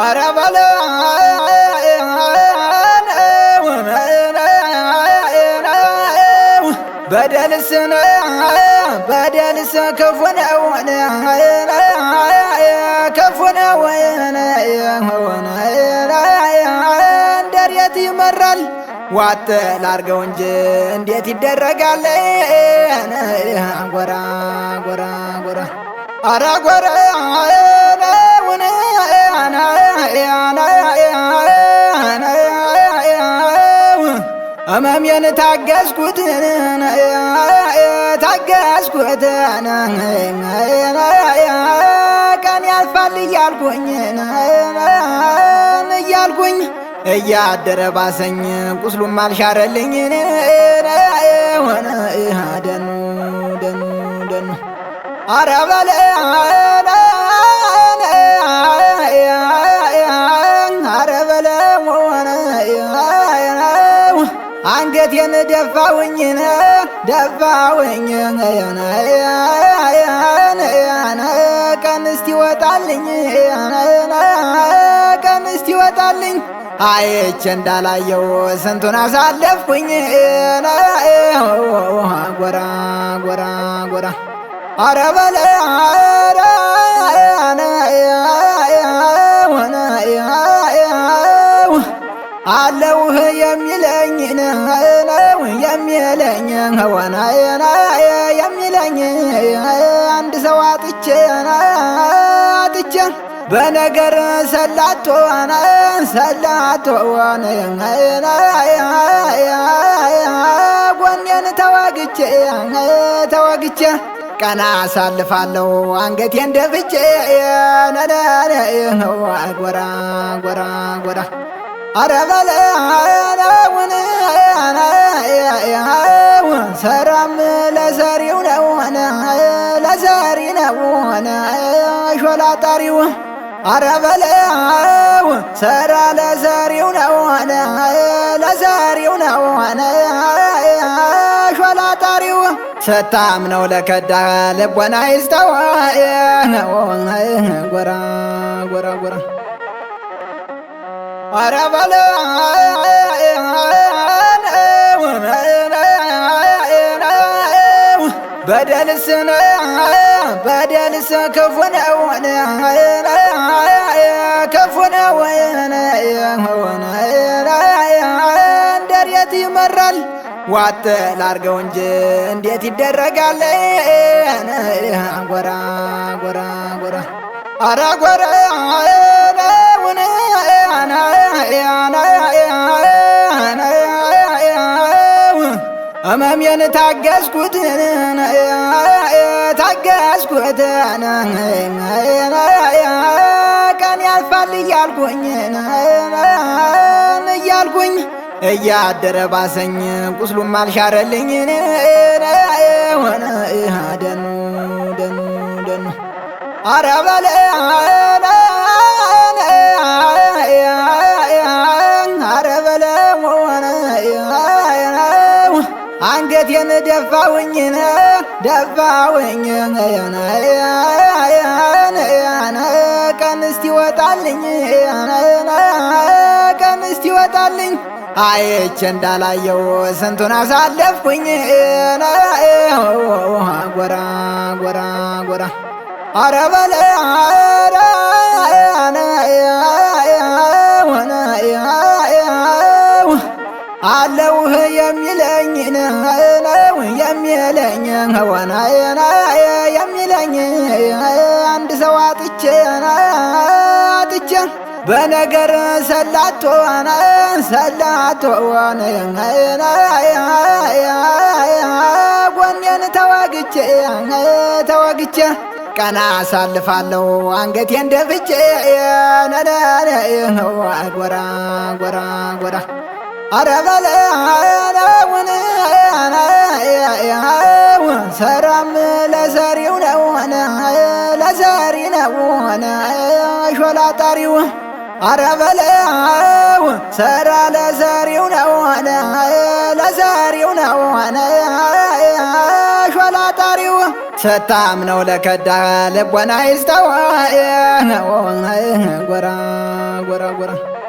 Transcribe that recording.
አረ በለ በደልስነ በደልስ ክፉ ነው ክፉ ነው እንደት ይመራል ዋጥ ላርገው እንጂ እንዴት ይደረጋል ጎራ ጎራ ጎራ አረጎረ እመሜን ታገስኩት ታገስኩት ቀን ያልፋል እያልኩኝ እያልኩኝ እያደረ ባሰኝ ቁስሉም አልሻረልኝ አረበል አረበለ አንገቴን ደፋውኝ ደፋውኝ ቀንስቲ ወጣልኝ ቀንስቲ ወጣልኝ አየች እንዳላየው ስንቱን አሳለፍኩኝ ጎራ ጎራ ጎራ አረ በለይ አረ አለውህ የሚለኝ ነው የሚለኝ ሆነ የሚለኝ አንድ ሰው አጥቼ አጥቼ በነገር ሰላቶ ሰላቶ ጎኔን ተዋግቼ ተዋግቼ ቀና አሳልፋለሁ አንገቴን ደፍቼ ጎራ ጎራ ጎራ አረበለ ሰራም ለሰሪው ነው ሆነ ነው ሾላ ጣሪው አረበለው ሰራ ለሰሪው ነው ሆነ ነው ስታም ነው ለከዳ ልቦና ይስተዋይ ጎራ ጎራ ጎራ ኧረ በለ በደልስ በደልስ ክፉ ነው ክፉ ነው እንደሬት ይመራል ዋጥ ላርገው እንጂ እንዴት ይደረጋል? ጎራ ጎራ ጎራ አራ እመሜን ታገዝኩት ታገዝኩት ቀን ያልፋል እያልኩኝ እያልኩኝ እያደረ ባሰኝ ቁስሉም አልሻረልኝ ሆነ ደኑ ደኑ ደኑ አረ በለ አንገቴን ደፋውኝ ደፋውኝ ቀንስቲ ወጣልኝ ቀንስቲ ወጣልኝ አየች እንዳላየው ስንቱን አሳለፍኩኝ ጎራ ጎራ ጎራ አረ ሆነ አለውህ የሚለኝ ነው የሚለኝ ሆነ የሚለኝ አንድ ሰው አጥቼ አጥቼ በነገር ሰላቶ ሰላቶ ጎኔን ተዋግቼ ተዋግቼ ቀና አሳልፋለሁ አንገቴን ደፍቼ ነዳነ ጎራ ጎራ ጎራ አረበለ ሰራም ለሰሪው ነው ለሰሪ ነው ሾላ ጣሪው አረበለ ሰራ ለሰሪው ነው ለሰሪው ነው ሾላ ጣሪው ሰታም ነው ለከዳ ልቦና ይስተዋ ጎራ ጎራ ጎራ